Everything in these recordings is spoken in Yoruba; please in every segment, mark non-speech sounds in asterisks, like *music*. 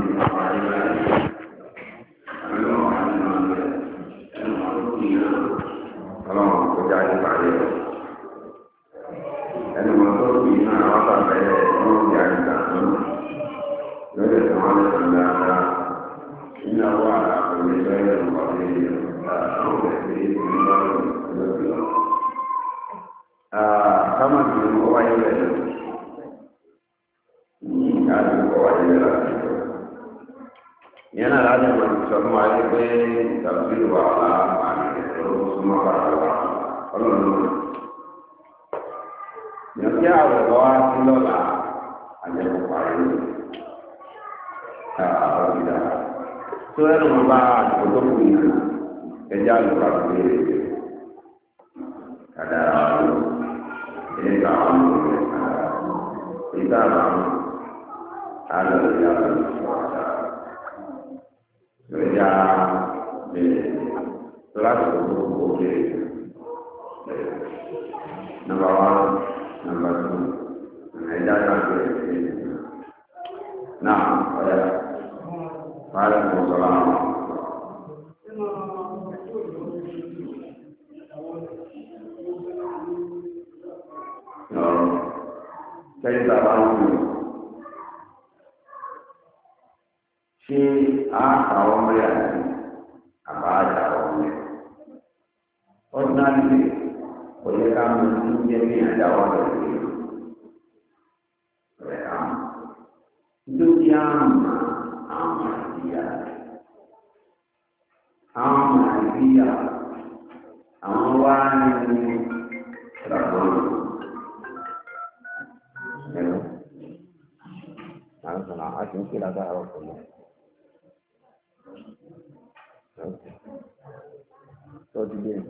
Thank you. kita kita ada di dalam suara kerja di kelas boleh nomor nomor two mengajarkan nah about a sì ń kí lágbára ọ̀pọ̀lọ́. Tọ́jú bẹ́ẹ̀.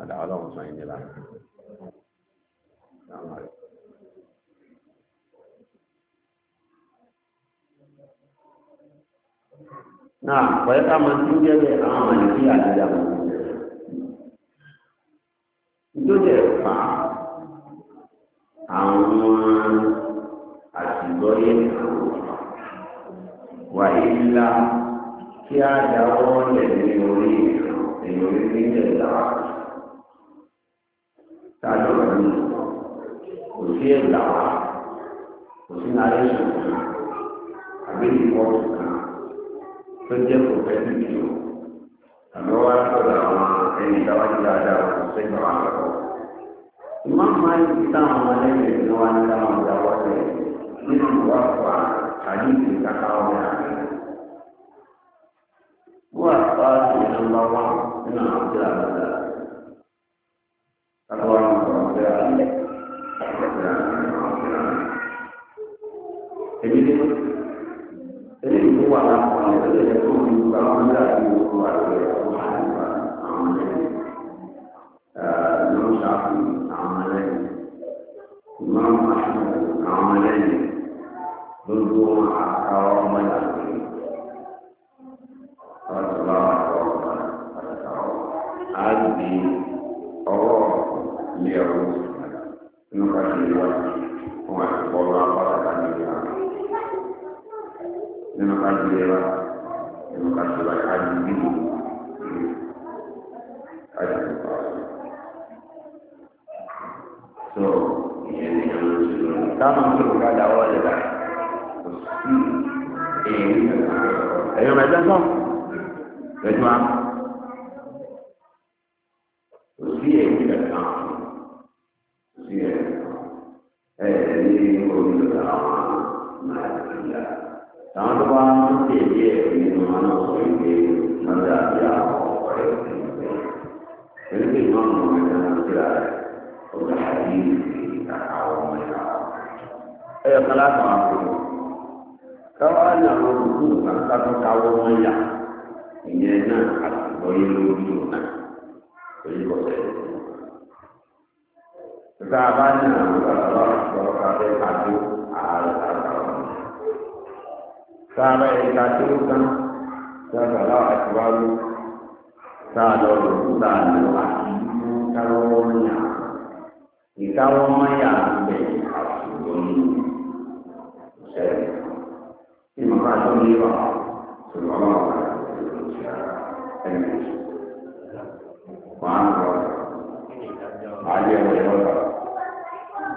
Àdá ọlọ́run sọ yín nílá. Sáwọn àrẹ. Náà, pẹ̀lú ká máa ń tún jẹ́ bẹ́ẹ̀ àwọn àyè sí àdéjà wọn. á dáwọ́ lẹ̀ ní orí ìrù èyí orí ní ìjẹ̀dá tájọ̀ ní kò sí ẹ̀dá kò sí náà lẹ́sùn kan àbí ìkọ́tù kan tó jẹ́ kò fẹ́ nìyí o àmọ́ wá sọ̀rọ̀ àwọn ẹni táwájú dáadáa kò sẹ́yìn àwọn àkọ́kọ́. ìmọ̀ máa ń ta àwọn ọmọlẹ́yìn ìdíwọ́ ní táwọn ọ̀dà wọ́tẹ̀ nínú ìwà fà àdìsí kàkà ọ̀dà rẹ̀. أجر عظيم so ìyẹn ni àwọn ìṣòro táwọn ìṣòro ká dáwọ́ ọ̀lẹ̀ dà kò sí èyí ẹ̀yọ́ rẹ̀ lẹ́sọ̀ lẹ́jọ́ á kò sí èyí kankan kò sí èyí ẹ̀ ní orí ọ̀dà àwọn máa ń yà táwọn tó bá ń tẹ̀lé ẹ̀ nínú wọn náà sọ ìgbé lọ́dà. ẹyọ kan láti máa fò káwá ní àwọn olùkú nǹkan kátó káwọ́ wọn yà ìyẹn náà àtìgbọ́ yé lórí ọ̀nà èyí kò sẹ́yìn. Tá a bá ní àwọn ìgbàlọ́ àtìgbọ́ káfẹ́ kájú ààrẹ àgbàlọ́. Tá a bá yẹ ká tó tán tá a gbàlọ́ àtiwájú tá a wọn yà. Ìkáwọ́ wọn yà bẹ̀ àtìgbọ́ yé lórí. sering. Di Mekah Suniwa, Sallallahu Alaihi Wasallam. Maan kau, aja boleh boleh.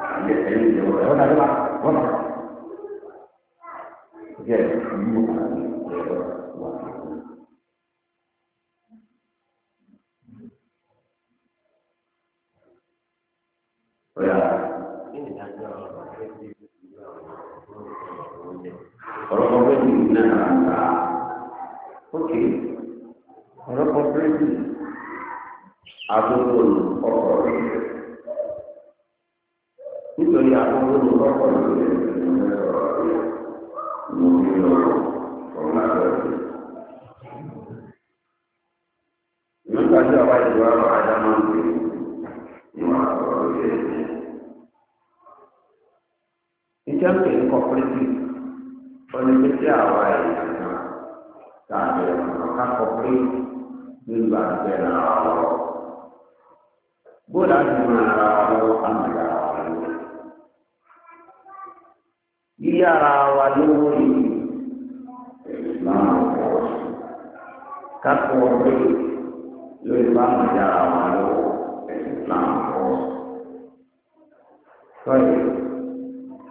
Aja ini boleh boleh. Boleh ókè ọ̀rọ̀ kọ́pẹ́rẹ́tì àtúntò ọkọ̀ rẹ̀ nítorí àtúntò ọkọ̀ rẹ̀ ló ń lọ ọ̀rọ̀ àgbẹ̀ rẹ̀. nígbà tí ọba ìjọba àwọn àdá máa ń pè é ìwà ọ̀rọ̀ rẹ̀. ìjọba ìjọba kọ́pẹ́rẹ́tì ọ̀nà ìgbésí àwa ẹ̀yà. การเป็นข้าพเจ้ายืนบานเป็นเราบุรันมาเราอันยาวดียาราวาลุยมาข้าพเจ้ายืนบานยาวาลุนาโอใช่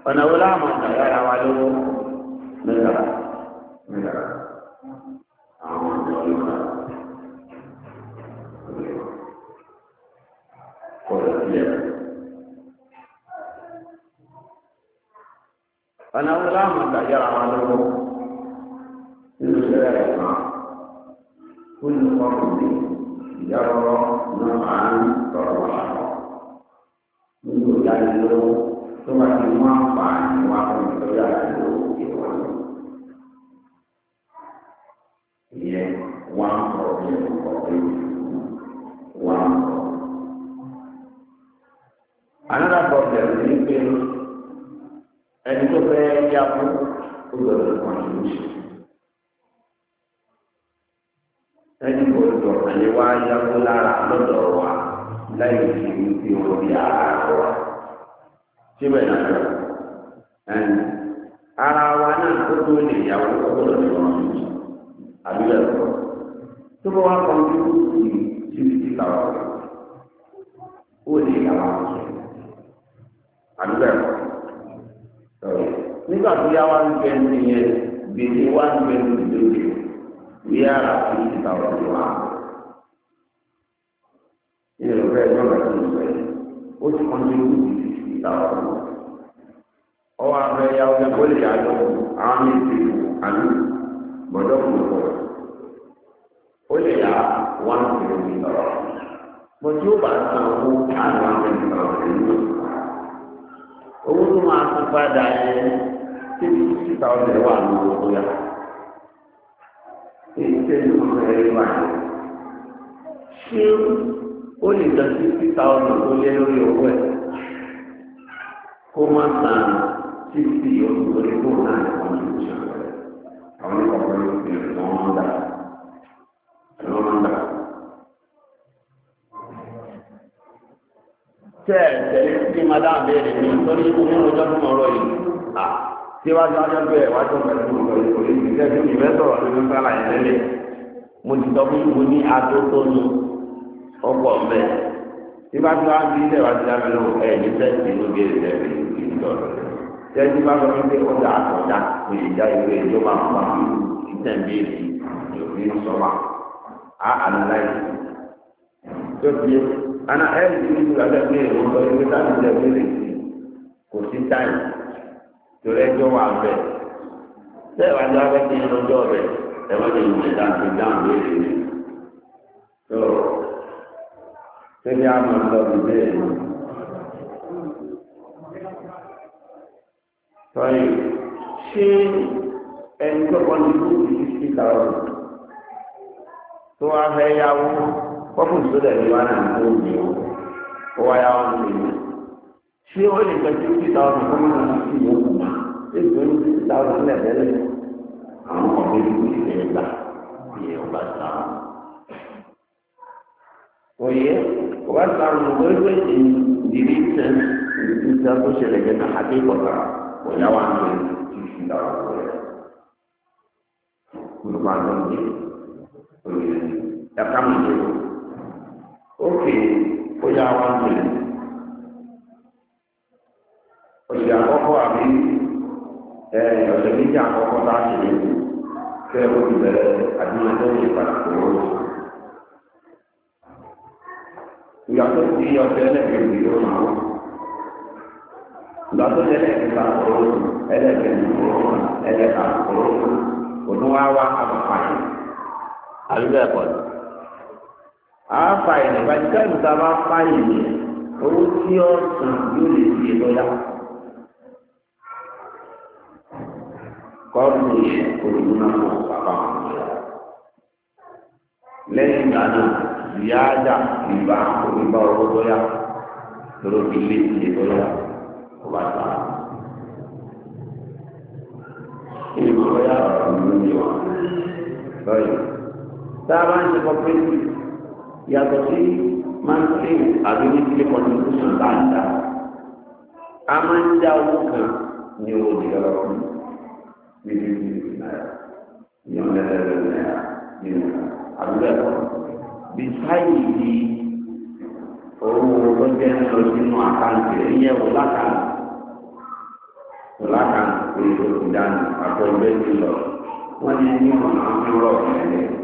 ปนอุลามะยาราวาลุไม่ได้ไม่ได้ Karena ulama tak jalan malam itu sudah lama. Pun kami jauh nafas terlalu. Mungkin jadi itu semakin mampan waktu kerja itu kita. bẹ̀rù ní pé ẹni tó fẹ́ yá fún ó gbọ́dọ̀ contribution. ẹni wá yá fún lára lọ́dọ̀ wa láì fi fi wọn bí ara wa. síbẹ̀ náà ẹni ara wa náà ó tó lè yá wọn ó gbọ́dọ̀ ní lọ. tó bá àdúgbò ẹ̀kọ́ nígbà tó yá wá ń bẹ ní yẹn gbèdé wá ń bẹ ní ìdókè wí ara fi ìta ọ̀dọ̀ wa. ilé ìwé ẹ̀jọ́ náà ti sọ yìí ó ti kọ́ ní ìlú ìta ọ̀dọ̀ wa. ọwọ́ abẹ́ yá ọjà kó lè yàjọ àwọn méjì àlù gbọ́dọ̀ kù lọ́wọ́. ó lè yá one kìlómítà. mo tí ó bá san owó àwọn àwọn ènìyàn ọ̀rẹ́ yìí. owó tó máa tún padà yẹn tíbi títà ọ̀sẹ̀ wà ní owó tó èyí tẹ́ ní ọmọ ẹ̀rí wà ní. ṣé ó lè lọ sí títà ọ̀sẹ̀ lé lórí owó kó má san ọmọ àwọn tẹ́ ẹ̀ tẹ̀lé sí madam béèrè mi torí nínú ọjọ́ tó mọ̀ ọ̀rọ̀ yìí à síwájú ọjọ́ tó ẹ̀ wájú ọ̀pẹ̀ tó mọ̀ ọ̀rọ̀ yìí kò lè fi ìfẹ́ sọ̀rọ̀ nínú sára yẹn lélẹ̀ mo ti sọ fún mo ní adó tó ní ọkọ̀ ọ̀bẹ síwájú wá bí ilẹ̀ wájú dábẹ́ lọ ẹ̀ ní tẹ́sí inú béèrè tẹ̀lé ìdọ̀rọ̀ tẹ́sí bá sọ fún pé ọjà àtọ̀já kò lè já ìwé ìjọ máa fún wa ìtẹ̀ béèrè ìjọ ana ẹ̀rù tí ìlú abẹ́ pé èrò sọ ìwé táwọn ìjẹ́ wílé sí kò sí táyì torí ẹjọ́ wà bẹ̀. bẹ́ẹ̀ wá jọ abẹ́ kí ẹnu ọjọ́ rẹ̀ ẹ má lè yí ìdá ti dáhùn lórí rẹ̀. tó tẹ́lẹ̀ àmọ́ lọ bí bẹ́ẹ̀ ni. sọ́yì ṣé ẹni tó kọ́ ní kúrú yìí sí kàrọ̀ tó wá fẹ́ yáwó kọ́pù tó dẹ̀bi wá náà kó mi o ó wá yá wọn lè mi. ṣé ó lè gbẹ tí títà ọ̀nà kó má náà sí ìwé kù mà èyí tó ní títà ọ̀nà ńlẹ̀ tẹ́lẹ̀ àwọn ọ̀gbẹ́ ní kò sí ẹ̀ gbà ní ọba sáà. òye ọba sáà ló gbé gbé ìdílé tẹ ìdílé tó ṣẹlẹ̀ jẹ́ náà àti ìkọ̀tà ọ̀yá wa ń lè ti fi dáwọ́ rẹ̀. olùkọ́ àgbọ̀n mi olùyẹ̀ ẹ̀ka mi lè wọ̀ ókè ó yá wọn jẹ ọ̀sẹ̀ àkọ́kọ́ àbí ọ̀sẹ̀ méjì àkọ́kọ́ tá a ṣe lè fẹ́ òbí bẹ̀rẹ̀ àdúgbò lẹ́yìn ìpàdé wọn. ìgbà tó ti ọ̀sẹ̀ ẹlẹ́gbẹ̀rún yóò máa wọ́n ìgbà tó ti ẹlẹ́gbẹ̀rún bá kọ̀ọ̀rọ̀ ẹlẹ́gbẹ̀rún kọ̀ọ̀rọ̀ ẹlẹ́gbẹ̀rún kọ̀ọ̀rọ̀ òun wá wá àbàfàyè àbí bẹ́ẹ̀ kọ́ ni àáfà ìlẹ̀ bàjẹ́ ìgbà bá fà yìí owó tí ó sàn yóò lè fi lọ́yà. kọ́ọ̀tù ìṣòro náà wọ bàbá wọn jẹ́. lẹ́yìn ìgbà náà ìyáàjà ìgbà ìgbà owó lọ́yà lọ́rọ́ fi lé ìdílé lọ́yà kó bá ta. ìgbà lọ́yà ọ̀rọ̀ ló ń yọ. lọ́yà tá a bá ń ṣe kọ́pẹ́tì. yàtọ̀ sí mantin àbí ní sílé contribution bá ń dá a máa ń dá owó kan ní owó ìjọba di ní bí bí náírà ní ọ̀nà ẹ̀rọ náírà ní ọ̀nà àbúrò ẹ̀kọ́ bí sáyìí di owó tó jẹ́ ń lọ sínú àkáǹtì rẹ̀ yẹ wò lákàá wò lákàá pé o ti dánù àtọ̀ ìgbésí lọ wọ́n ní ẹni ọ̀nà àmúlọ̀ ẹ̀rẹ́.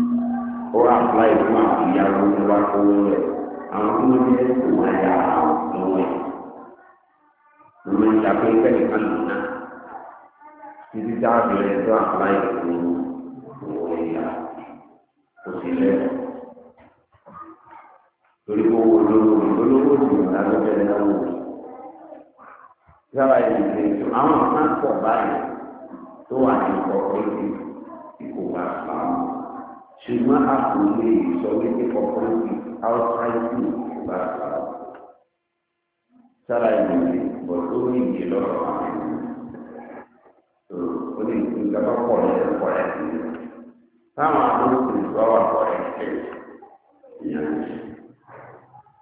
ó apply fún àwọn ìyàwó ní wá owó rẹ̀ àwọn tó ní ẹ̀kọ́ máa yà àwọn ọmọ ẹ̀ lórí ìyàpẹ́ ìfẹ́lẹ̀ kan nìyà títí tá a bẹ̀rẹ̀ tó apply fún owó ìyà kò sí lẹ́yìn torí owó olówó olówó ti wà lábẹ́ lẹ́wọ̀ yàrá ìdílé tó àwọn kan pọ̀ báyìí tó wà ní ọkọ̀ ìdí ìkó wà fáwọn ṣùgbọ́n a kò lè sọ wípé kọ̀ọ̀kan ti outside the bá a sọ. sára ìlú bọ̀ tó ní ìdí lọ́rọ̀ àwọn ènìyàn. ó lè ní ìjọba pọ̀ ní ẹ̀kọ́ ẹ̀ sí. táwọn agbóhùn ìgbà wà pọ̀ ẹ̀ sí. ìyẹn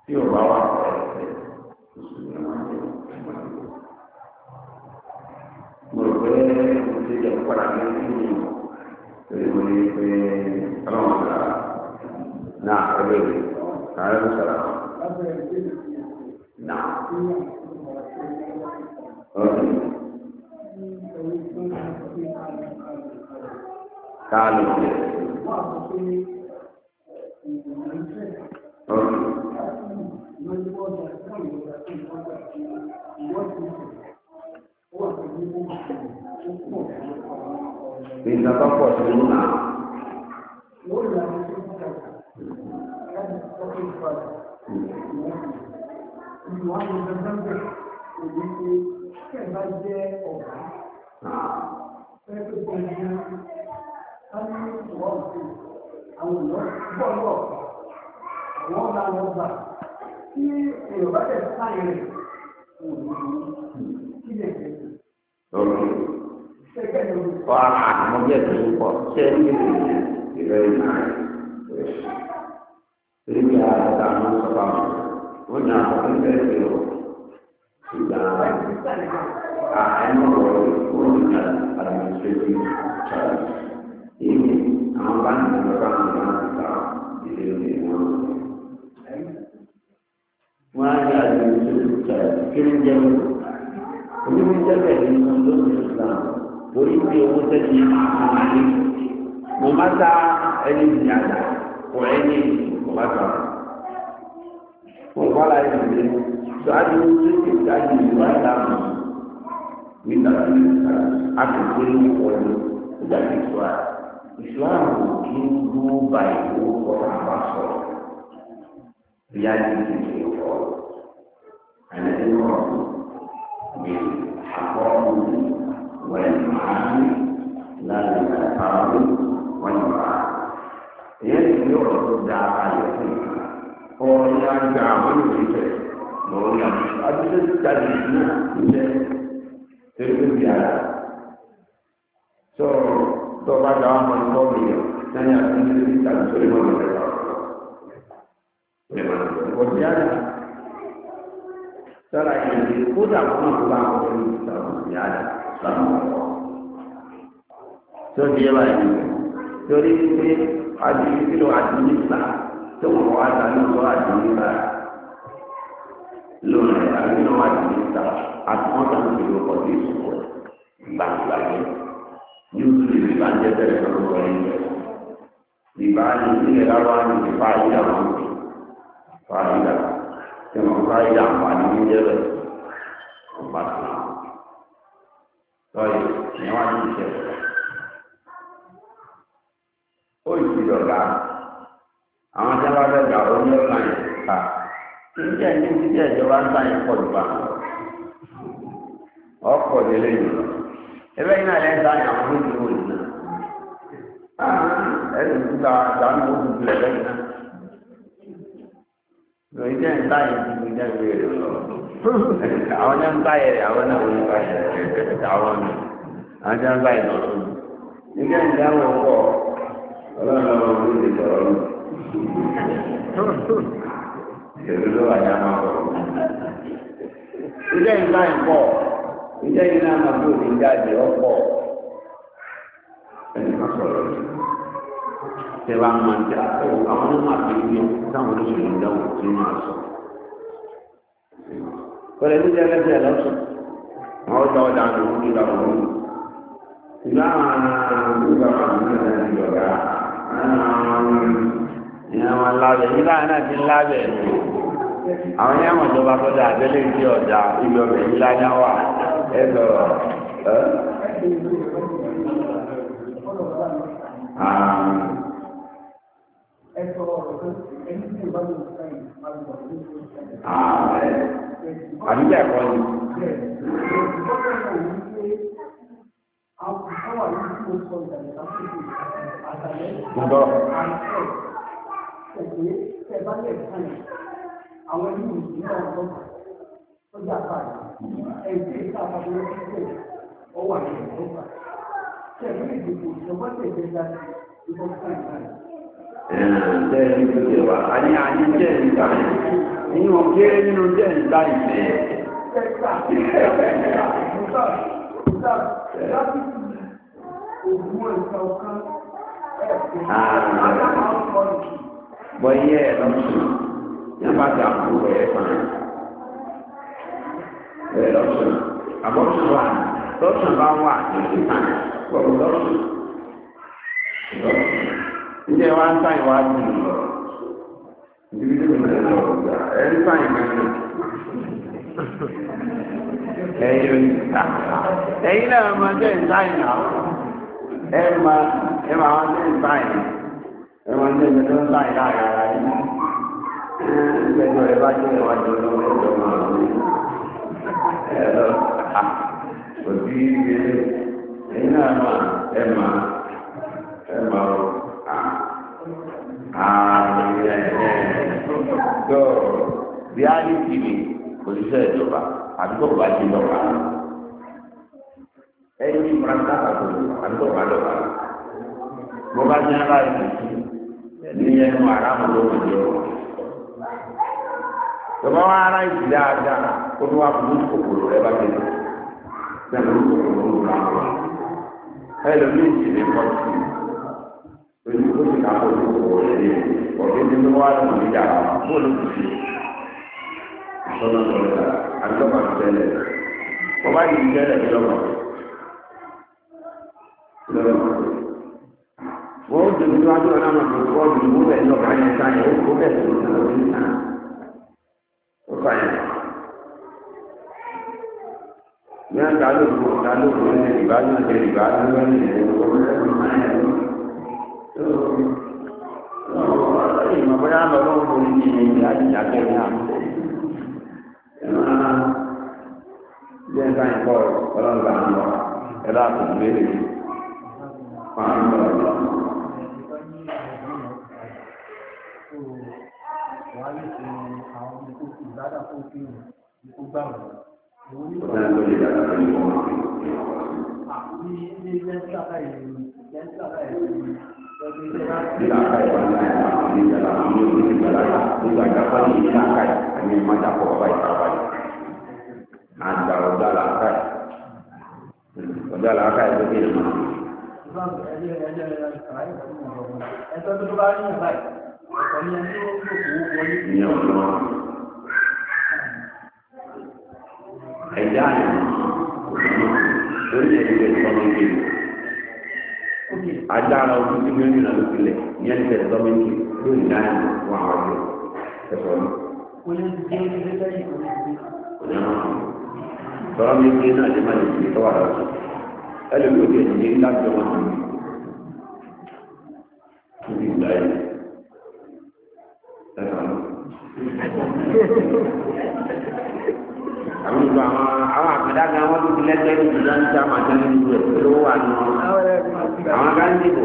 tí ò bá wà pọ̀ ẹ̀ sí. Mo rò pé mo ti jẹ́ pàdánù nínú ìgbà. Èdèbò ni pé ọlọ́run sara náà ẹgbẹ́ mi sàrẹ́ ló sara. Náà. Ọ̀sìn. Káàlù jẹ. nǹkan tó pọ̀ sí nínú náà. Thank ah. you. Wah, mau dia terlupa. Saya ini very nice. Jadi dia ya, ada tamu sekarang. Punya interview. Sudah. Ah, ini boleh punya administrasi. Ini aman kan dengan orang kita di dunia. Wajah administrasi. Kirim jauh. Ini mencari torí pé owó tẹ́lẹ̀ máa ní mo má ta ẹni ìyá kọ ẹni ìkọ̀bá ta fún wàhálà ìdílé tó a yóò ṣe kí ká yí ìwà ìlànà nígbà tí a kò pé wọlé nígbà tí ìṣúra ìṣúra àwọn kì í dúró ba ìwò ọ̀rọ̀ àbá sọ̀rọ̀ bí a yí ìṣe ọ̀rọ̀ àyẹ̀dẹ̀ ọ̀rọ̀ mi àkọ́kọ́ mi. والمعاني لا للألفاظ والمعاني يجب يعرض الدعاء عليه هو يعني دعاء في هو يعني أبدا تجدنا تجد بها so tó bá dáwọ́ mọ́ ní bọ́ọ̀lù yẹn lẹ́yìn àti ní ti tàbí sórí mọ́ ní ọ̀rẹ́ ọ̀rọ̀ kò kódà kó má kó bá wọn ní tó di ẹ báyìí torí pé adìyí kí tó wọ́n wá ta ní ọ̀rọ̀ lónìí àbí lọ́wọ́ adìyí àtúntò táwọn ìlú ọkọ̀ tó ìsòkò gbàgbà yẹn yóò tún lè bá ń jẹ́ bẹ́ẹ̀ lọ́wọ́ ẹ̀yìn rẹ̀ ìbá ní ilẹ̀ lọ́wọ́ ní ìfà ìdá wọn fà ìdá tí wọ́n fà ìdá wọn ní ìjẹ́ bẹ́ẹ̀ ọ̀pá kan. sáyẹn ká níbi ẹni níbi ẹjọba sáyẹn pọ̀ jù bá ọkọ̀ délé yìí lọ ẹbẹ́ yìí náà lẹ́yìn sáyẹn àwọn ojú wo yìí náà ẹni tó ta dànù ojú bilẹ̀ lẹ́yìn náà lórí jẹ́ ń sáyẹn ti fi jẹ́ ìwé rẹ̀ lọ àwọn jẹ́ ń sáyẹn rẹ̀ àwọn náà wọ́n ń sáyẹn rẹ̀ àwọn mi àwọn jẹ́ ń sáyẹn lọ́dún níbi ẹni dáhùn ọkọ̀ ọlọ́run lọ́wọ́ ló lè sọ̀rọ̀ lọ́dún. Ìṣèlú ló wà ní àwọn ọ̀rọ̀. Ilé ìlà ìpọ̀, ilé ìlà àmàbí òní jáde ọ̀pọ̀. Ẹni kan sọ̀rọ̀ rẹ̀. Ṣé wàá máa ń jà? Àwọn onímọ̀ àti ìlú táwọn olóṣèlú dáwọ̀ tí máa sọ. Kọ̀lẹ́ ní jẹ́gẹ́dẹ́ lọ́sọ̀. Wọ́n dá ọ̀dà ìyẹn wọn lábẹ́ yìí láàrin náà ti ń lábẹ́ àwọn yẹn wọn jọba tó dáa abẹ́lé ń di ọjà ibi ọbẹ̀ yìí láyá wà ẹ sọ̀rọ̀ ẹ. àbí bẹ́ẹ̀ ni. Gbọ́dọ̀ èké tẹ̀ bá lẹ̀ àwọn ẹni òsì náà tó jà pa yìí ẹ̀ǹtí ìta àbábọ̀ títẹ̀ tẹ̀lé ìdìbò ìjọba tẹ̀lé láti ìbọn fún ìgbà yìí. Bẹ́ẹ̀ ni bọ́ iye ẹ̀ lọ́sùn yẹn bá àpò ẹ̀ fún ẹ̀ lọ́sùn àbọ̀sùn wà lọ́sùn bá wà lọ́sùn tán gbọ̀gbọ̀ lọ́sùn ilé wa ń sáyìn wá sí i ibi tí mo lè lọ ẹ ń sáyìn mẹ́rin ẹ̀yin oníta náà máa jẹ́ ìsáyìn náà ẹ máa ẹ máa wá sí ìsáyìn ẹ̀wọ̀n ní ẹ̀mí tó ń láì láàrin ara yìí ìgbẹ́jọ́ rẹ̀ bá jẹ́ ìwádìí ọlọ́wọ́ ẹ̀jọ̀ máa ń rí ẹ̀rọ kò sí ibi ẹ̀yìn náà mà ẹ̀ mà ẹ̀ mà ó ààrùn ẹ̀ ẹ̀ tó reality ni òṣìṣẹ́ ìjọba àdúgbò bá ti lọ́ba ẹ̀yìn ìmúra ń dábàá tó àdúgbò bá lọ́ba bó bá ní aláìsí ìyẹn nu aráàmù ló ń jẹ ọ. Tọ́ba wa ara ìdí dáadáa kó ní wàá fún kòkòrò rẹ bá tẹ̀lé. Bẹ́ẹ̀ni ó kòkòrò ló ra ọ. Ẹlòmíì ti lè kọ́ sí i. Pẹ̀lú ó ti ká kó ní kòkòrò rẹ dé. Ọ̀gbìn ti mú wàá lòdì dára bóòlù kù sí. Ìtọ́nà sọ̀rọ̀ dà àdúgbò tẹ́lẹ̀. Bọ́bá yìí tẹ́lẹ̀ ní ọmọ. Ìlọ́mọ wọ́n ó dèbí níwájú ọ̀nà àmọ̀ tó kọ́ ọ̀dùn ìwú bẹ́ẹ̀ lọ́ba yẹn ká yẹn ó bẹ́ẹ̀ tó ní ọ̀dùn ní sàn ó kà yẹn. ní àgbà lóko ọ̀gá lóko ní ìbá ní ọ̀dẹ ìbá ní wọ́n ní ìlú ọ̀gbọ́n lẹ́nu máa yẹn lọ. ìmọ̀ bóyá lọ́wọ́ ń borí ní ìlú ajíjàgbẹ́ ní àmọ́. bí ẹ̀ka yẹn kọ́ ọ̀rọ̀ ọlọ́run kó gbà wọ́n. Ìdájọ́ lè dàgbà lórí wọn. Àbí ilé iṣẹ́ ń sábà ìlú iṣẹ́ ń sábà ìlú. Bila kai wana ya ni jala ni ni jala ni ga ga pani ni na kai ni ma ta ko bai ta bai na da ro da la kai ro da la kai ko ni ma Ẹ̀sọ́ tó bá rí ìbáyìí, ọ̀pọ̀ ni ẹni tó ń lò kó wọlé. Ìyẹn ọ̀nà. ẹ̀dá àyàn lórí ẹ̀dẹ̀ sọ́mẹ́ntì agbára ọdún tí wọ́n ń rìn lókèlè ní ẹ̀dẹ̀ sọ́mẹ́ntì lórí náà wà wájú ẹ̀fọ́ mi. sọ́mẹ́ntì náà lè má lè fi tọ́wọ́ àrà ọ̀sán ẹlẹ́gbẹ̀ẹ́ ní láti ọmọ tó ń bí. lẹ́gbẹ́ ní ìlú láti àwọn àjọyọ̀ ìlú rẹ̀ ló wà ní àwọn kan dìbò.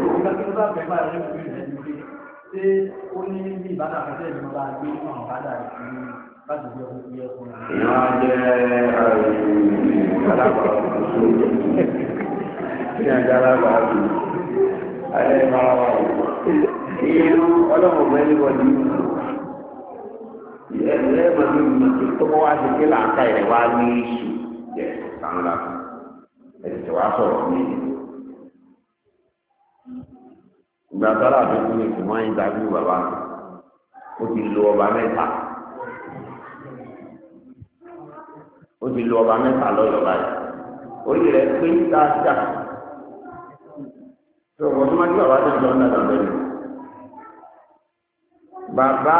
ṣé ó ní bí ìbádà fẹ́ ìlú bá gbé fún àwọn bádà ìlú láti gbé ọkọ̀ yẹ fún un. ìyá jẹ́ alábàáṣe ní agbára bàbá ayé ìlú ọlọ́run mẹ́rin wọ̀ ní ìlú ìyẹn lẹ́ẹ̀mọ́ ní ìlú tó wá sí kí làákà ìrẹ̀wá ní ìṣù ìka ńlá ẹ̀sìn wá sọ̀rọ̀ ní ìlú. ìgbà sára àdókù ni kò máa ń dájú bàbá ó ti lo ọba mẹ́ta ó ti lo ọba mẹ́ta lọ́yọ̀ báyìí orí rẹ̀ pé dáadáa tó wọ́n tó máa ń gbé bàbá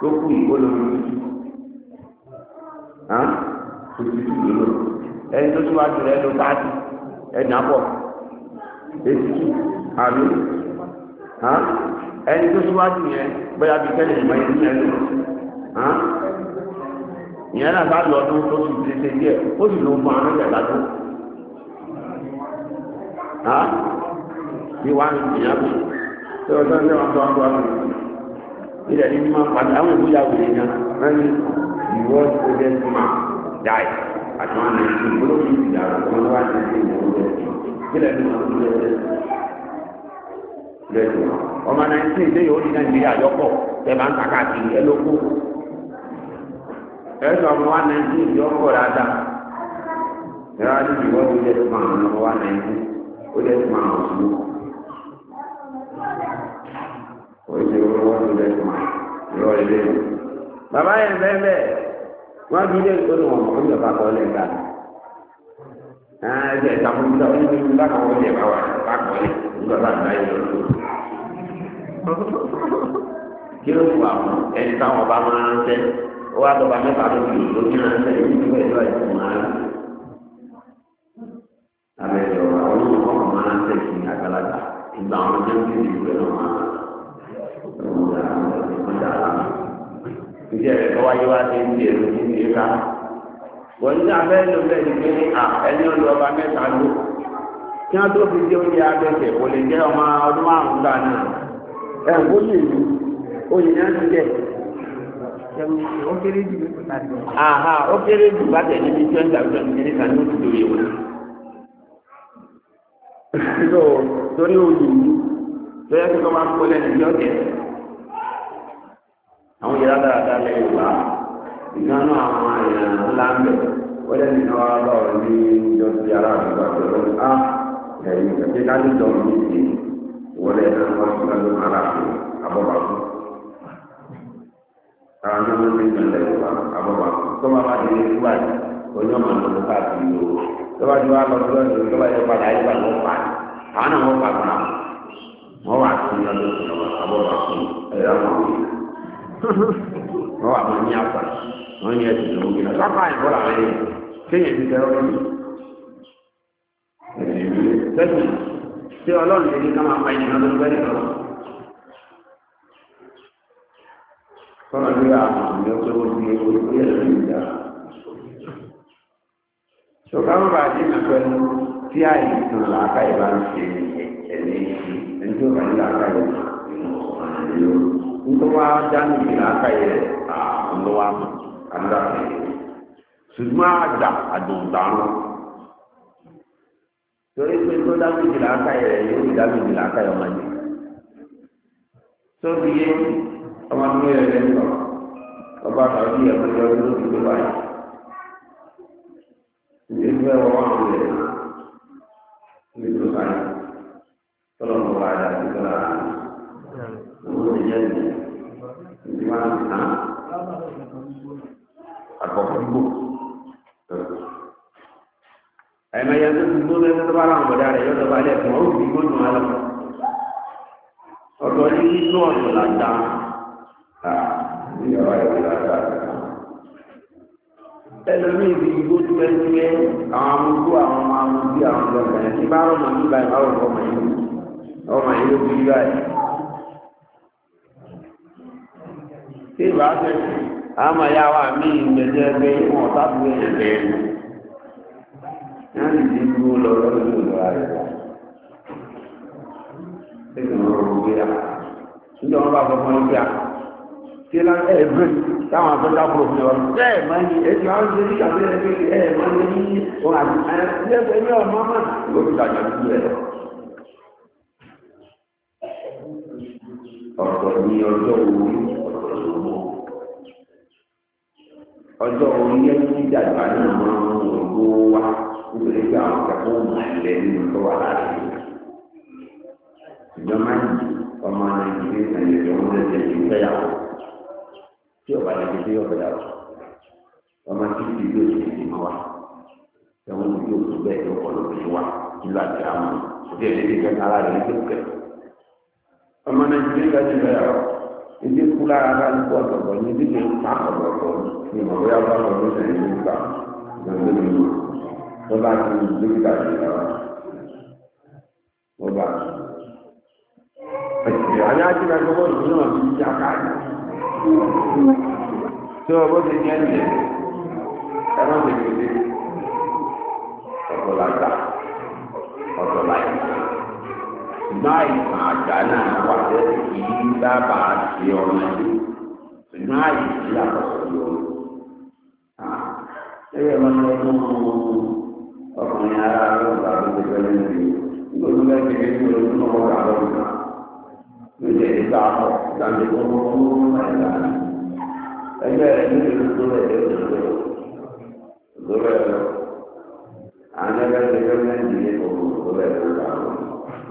tó ń lọ ní ọ̀dọ̀ bàbá tó kù ìkólómi fifty two ló lò ẹni tó síwájú rẹ̀ ló thirty ẹni àbọ̀ eighty two àbí ẹni tó síwájú yẹn bóyá bíi tẹ́lẹ̀ ìmọ̀ ẹni yẹn lò ìyẹn náà bá lọ ọdún tó sì ti ṣe díẹ̀ ó sì ló mọ àwọn ìjàgbá tó bí wàá ní ìyàgbé tí ọjọ́ ń tẹ́wọ́n tó wá tó wá lọ ilẹ̀ ní mímọ́ pàdé àwọn ìbúyàwó yẹn náà wọ́n ní ìwọ́n tó jẹ́ sí máa dai àti wọn lè fi ìwé òfin ìdá wọn wá ní ilé ìwé òfin kílẹ̀ ní wọn lè lè lè tó ọmọ nàìjíríà ìdí yóò di nàìjíríà yọpọ̀ tẹ bá ń ta káàkiri ẹ ló kú ẹsọ ọmọ wa nàìjíríà ìdí ọkọ dáadáa ìrọ̀ àdìsí wọ́n ti lè fún àwọn ọmọ wa nàìjíríà ó lè fún àwọn ọ̀ṣun ó lè fún àwọn ọ̀ṣun lè fún àwọn ìrọ̀ ìlẹ́yìn bàbá yẹn bẹ́ẹ̀ bẹ́ẹ̀ wọ́n bí ilé ìgbóni wọn mọ̀ nígbà bá kọ́ lẹ́gbàá ni. ẹ̀ẹ́dẹ̀ ìtàkùnjọ ní ibi bá kọ́ lẹ́ bá wà bá kọ́ lẹ́ nígbà bá gbà yẹ lọ́dún. kí ló fún àwọn ẹni táwọn ọba máa ń tẹ́ ó wá lọ́ba mẹ́fà tó fi òjò kí wọ́n tẹ́ ìlú ìlú ẹ̀dọ́ ìfún wa. àbẹ̀rẹ̀ ọ̀rọ̀ àwọn ọmọ máa ń tẹ̀ sí àgbàlagbà ìgbà àwọn ọjọ́ ìjẹ́ rẹ̀ lọ́wọ́ yóò wá sí ti èrò ní ti ká. wọ́n ní abẹ́ ló bẹ́ẹ̀ ni pé ní à ẹni ó lu ọba mẹ́ta ló. kí wọ́n tó fi dé oúnjẹ abẹ́sẹ̀ kò lè jẹ́ ọmọ ọdún márùn-ún gbà náà. ẹ̀ ń kó lè lu oyè náà ti jẹ́. ó kéré jù aha ó kéré jù bá tẹ̀ níbi tí wọ́n gbàgbọ́ níbi kan ní oṣù tó yẹ wọ́n. *laughs* torí oyè yìí lóyè kí wọ́n máa kó lẹ́nu bí ọ̀kẹ́ àwọn yẹra dáadáa lẹ́yìn ìgbà ìkan náà àwọn èèyàn ńlá ń bẹ̀ wọ́n lẹ́nu iná wa bá wọn ní ìjọ sí ara àgbà pẹ̀lú a ẹ̀yìn kẹ̀kẹ́ ká ní ìjọba mi sí wọ́n lẹ́nu iná wọn sí lọ́dún ara fún abọ́bà fún. àwọn ọmọ mi ń bẹ̀rẹ̀ wà abọ́bà fún tó máa bá ti ní fúlà yìí oní ọmọ àti ọmọ káàkiri o tó bá ti wá lọ sí lọ́dún tó bá yẹ padà ayé bá wọn pa àwọn náà wọn pa fún wa wọn wà sí lọ́dún abọ́bà fún ẹ̀rọ àwọn ọmọ wọ́n wà wọ́n ní àpá wọ́n ní ẹ̀sìn lọ́wọ́ gbé lọ́wọ́ àpá ìbọ́lá rẹ̀ yẹn kéèyàn ti tẹ́wọ́ lọ́wọ́ sẹ́sìn tí ọlọ́run lè ní ká máa pa ìdìbò lọ́wọ́ bẹ́ẹ̀ lọ́wọ́. Kọ́lá ní àwọn àmì ọ̀pẹ́ wo di ewu ní ẹ̀ lórí ìjà. Ṣọ̀ká ń bá dínà pẹ̀lú tí àìsàn làákà ìbá ń ṣe ẹ̀mí ẹni tó bá ní làákà ìbá ń ṣe ọ̀rọ̀ ńlọ́wọ́ dání ìlà aka yẹ ńlọ́wọ́ àmà kàńdà fẹ́ ṣùgbọ́n àjà àdùntàrún torí pé tó dání ìlà aka yẹ yóò fi dání ìlà aka yẹ ọmọ yẹ tó fi yé ọmọ mi yẹ lẹ sọ ọba àtàwọn yẹ kó yọ ọdún tó fi báyìí ìgbésẹ̀ wọn wà wọn lẹ ní ìlú báyìí tọ́lọ̀ mọ́ wá dá tọ́lọ̀ àná. Owó ti jẹ́ ìdí. Ìdí máa ń tàn. Àkọ́kọ́ gbò. Ẹ̀mẹ̀ yẹn tó ti gbó lẹ́nu tó bá láwọn bọ̀dá rẹ̀ yọ̀dọ̀ bá lẹ̀ fún ọ́n fi gbónú alọ́. Ọ̀dọ̀ ní inú ọ̀dọ̀ là ń dá. Ìyàwó ẹ̀rọ là ń dá. Ẹlòmíì fi igbó túwẹ́túwẹ́ àwọn amúgbó àwọn ọmọ amúgbó àwọn ọmọ ọmọ ẹ̀ ti bá rọ̀ mọ̀ tí ìbá tẹ̀ àmà yá wà mí ìgbẹ̀jẹ̀ ẹgbẹ́ ìwọ̀n tábù ẹ̀jẹ̀ náà lè di dúró lọ lọ́dún tó lọ́ra rẹ̀ wá. Ṣé ìgbìmọ̀ rò wí à? Níjọ́ wọn bá fọmọ ibi à. Ṣé láti ẹ̀ẹ́dẹ́ táwọn afẹ́lá kúrò fún ọ? Bẹ́ẹ̀ máa ń yí ẹ̀jẹ̀ wọn ṣe ní ìṣàlẹ̀ ẹgbẹ́ ẹ̀ máa ń yí ohun àti ẹ̀ẹ́dẹ́gbẹ́ ní ọmọ náà ló fi dàgbà lójú ẹ̀ lọ. Ọ̀pọ̀ ni ọjọ́ òwúrọ̀ ọjọ́ orí ẹni dàgbà nínú ògbó wa nítorí pé àwọn ìjàpọ̀ mọ̀ ẹ̀lẹ́ nínú tó wà láàrin ìjọba yìí ọmọ nàìjíríà nàìjíríà tó ń lẹ́sẹ̀ yìí fẹ́yàwó tí ọba lẹ́sẹ̀ tí ọba yàwó ọmọ títí yóò ṣe ti mọ́ wa ẹ̀wọ̀n ní yóò tún bẹ́ẹ̀ yóò kọ́ lóbi wa nílò àti àmọ́ òbí ẹ̀lẹ́dẹ̀ẹ́dẹ́gbẹ̀ta ara ní kékeré ọmọ nàìjíríà ti fẹ́yàwó ilé kú lára bá ní bọ́ọ̀dù ọ̀dọ̀ ní ilé lè pa ọ̀dọ̀ ní ìmọ̀ bóyá bá ọ̀dọ̀ ní ìlú gbà lọ́dún ní ìlú tó bá ti ní ìlú gbà lè lọ́wọ́ tó bá. Àyà ti ka gbogbo ìlú náà ti di àkàrà. Tí wọ́n bó ti ní ẹ̀jẹ̀, ẹ ti gbèdé. Ọ̀pọ̀ làgbà. Naik àgbà náà wà lẹ́yìn kì í sábà ṣe ọmọ yìí ṣùgbọ́n àìsàn yàtọ̀ sí ọmọ. Ẹyẹ wọn lọ fún ọkùnrin ara ló gbà tó ti fẹ́lẹ́ ní ìlú. Nígbà tó bẹ́ẹ̀ ti fi ìlú tó lọ́wọ́ gbà lọ́wọ́ gbà. Nígbà tí gbà pọ̀ láti lórí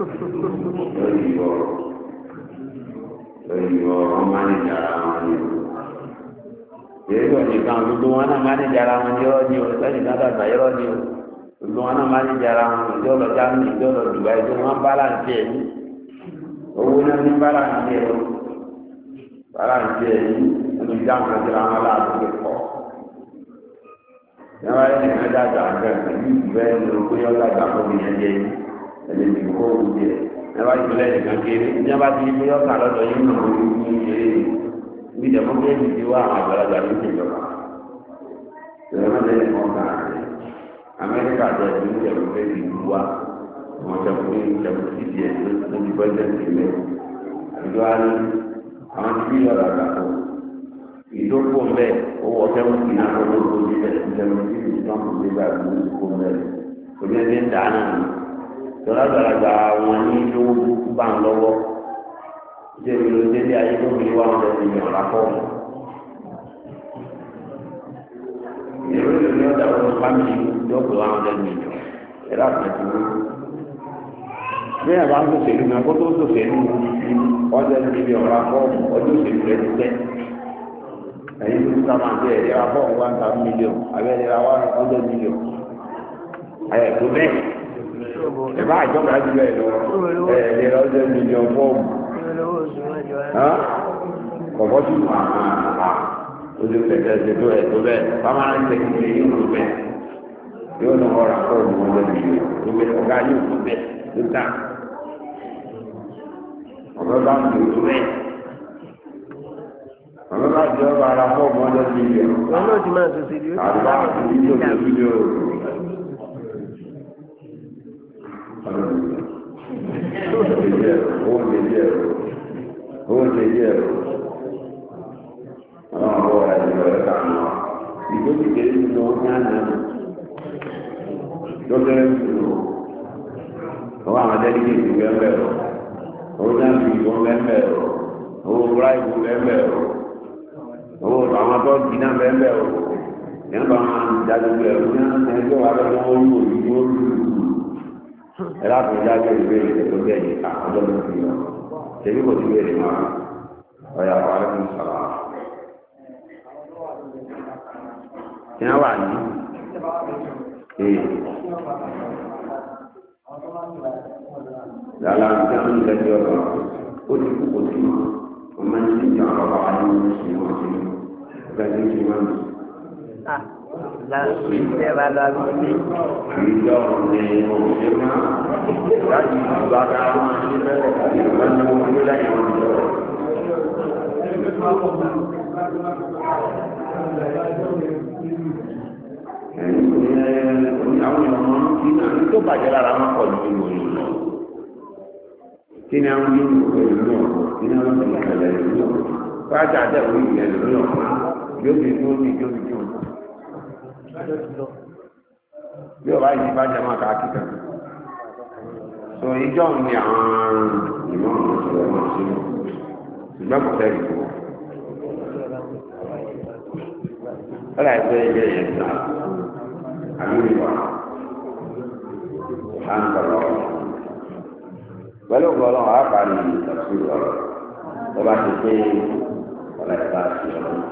ọ̀rọ̀ lórí ọ̀rọ̀ máa ń jara wọn ni èyí ò ní kan gbogbo wọn náà máa ń jara wọn ni ọ̀rọ̀ ni o lẹ́yìn náà dàgbà yọrọ ni o gbogbo wọn náà máa ń jara wọn ìdí ọ̀rọ̀ jáàmù ìdí ọ̀rọ̀ dùgbà ìdí wọn báláǹsì ẹ̀ ní owó náà ní báláǹsì ẹ̀ báláǹsì ẹ̀ ní olùdáhùn àti àwọn aláàbò kọ̀ yàrá yẹn ní ká dàgbà gẹ̀ẹ́sì yìí bẹ́ẹ̀ ni o pé ọ̀dàgbà fún mi yẹn jẹ́ ẹ̀lẹ́ ti kó oúnjẹ ẹ̀rọ ìpínlẹ̀ nìkan kéré ní ọba ti ilé ọ̀sán lọ́dọ̀ yìí náà ó ní kéré ní ìjọba bí ẹni ti wá àwọn àgbàlagbà ní ìjọba ìjọba lẹ́yìn kan kàn án rẹ̀ amẹ́ríkà tó ẹni ní ìjọba fẹ́ ti wú wa wọn jọ pé ìjọba ti di ẹ̀ ló ti bọ́ jẹ́ sílẹ̀ àdúgbò á àwọn ti bí ọ̀rọ̀ àgbàkọ ìdókò mbẹ owó ọjọ́ mọ́tì náà lọ́wọ́ lórí ẹ̀ ìjọba ti di ìjọba ti di ìgbà gbogbo mbẹ òní ẹni dáná nù. tọ́lá gbàlagbà àwọn ní lówó burúkú bá ń lọ́wọ́ jẹ́bi ló délé ayé tó fi wá ọ̀dọ̀ ti yàn lápọ̀. èrò ní ọ̀dà wọn fámìlì yóò wá ọ̀dọ̀ mi jọ ẹ̀rọ àpẹẹrẹ wọn. bí ẹ̀ bá ń náà kó tó sòṣèlú ọ̀dọ̀ ti yàn lápọ̀ ọdún òṣèlú rẹ̀ ti tẹ́ èyí tó ń sábà bẹ́ẹ̀ ẹ̀rọ àpọ̀ million àbẹ́ẹ̀rẹ̀ one ìbá àjọba jù bẹ́ẹ̀ lọ ẹ̀ẹ́dẹ̀ lọ́jọ́ mílíọ̀n fọ́ọ̀mù. kọ̀kọ́ sí wà ó ti pẹ̀tẹ́ ṣe tó ẹ̀ tó bẹ́ẹ̀ bàmá ń tẹ̀ kí lè yóò bẹ́ẹ̀ yóò lọ ọ̀rà fọ́ọ̀mù ọjọ́ mílíọ̀n tó bẹ́ẹ̀ ọ̀gá yóò tó bẹ́ẹ̀ tó tà ọ̀gá bá ń tó bẹ́ẹ̀ àwọn bá jẹ́ ọba ara fọ́ọ̀mù ọjọ́ mílíọ̀n. wọn náà ti máa sọ sí ibi ṣe díẹ̀ ó ṣe díẹ̀ ó ṣe díẹ̀ àwọn àbọ̀ ọ̀rẹ́ ìjọba ẹ̀ kà mọ́ ìgbó ti kéré nínú ọdún àná tó kéré nínú ọwọ́ àwọn adẹ́gbẹ́ ìgbé ẹgbẹ́ rọ owó náà fi ìgbó ẹgbẹ́ rọ owó bíráìbù ẹgbẹ́ rọ owó àwọn atọ́jú náà ẹgbẹ́ rọ yẹn bá wọn dájú ẹrú náà ẹgbẹ́ wà lọ́wọ́ wọn yóò yóò ẹ̀rọ àtúnjá tó ìwé tó bẹ̀ yìí ká ọjọ́ ló fi hàn tèmi kò sí ìwé máa ọ̀yà parí fún sọ̀rọ̀ wa. ìyá wà ní. Lala ń tẹ́lẹ̀ ń lẹ́jọ́ lọ, ó ti kú kò sí mọ́, ọmọ ẹni tí ìjà ọ̀rọ̀ wa ní ìṣẹ́ wọn ṣe ní, ó gbàgbé ìṣẹ́ wọn ní láti ìjẹba lọ sí. ìjọ ni òṣè máa láti ìjọba ká máa ṣe bẹ́ẹ̀ wọ́n ní wọ́n ní láyé wọn jọ. àwọn ọmọ kí náà ní tó bàjẹ́ lára wọn pọ̀ ní ìròyìn lọ. kí ni àwọn yóò ní ìròyìn náà kí ni àwọn yóò ní ìròyìn náà. wọ́n á jà dẹ́kun ìròyìn náà yóò fi tó ní yóò fi tó ní bí ọba yìí bá jẹ́ máa kíkà so ìjọ ni àwọn ìmọ̀ ìṣẹ̀lẹ̀ máa ṣe ṣùgbọ́n kò fẹ́ rí wọn. ọ̀rọ̀ ẹgbẹ́ ilé yẹn gbà àbí ìwà à ń bọ̀rọ̀ pẹ̀lú ọ̀gọ́rọ̀ àpárí ìtàkùn ọ̀rọ̀ ọba ti pé ọ̀rọ̀ ẹ̀ka sí ọ̀rọ̀.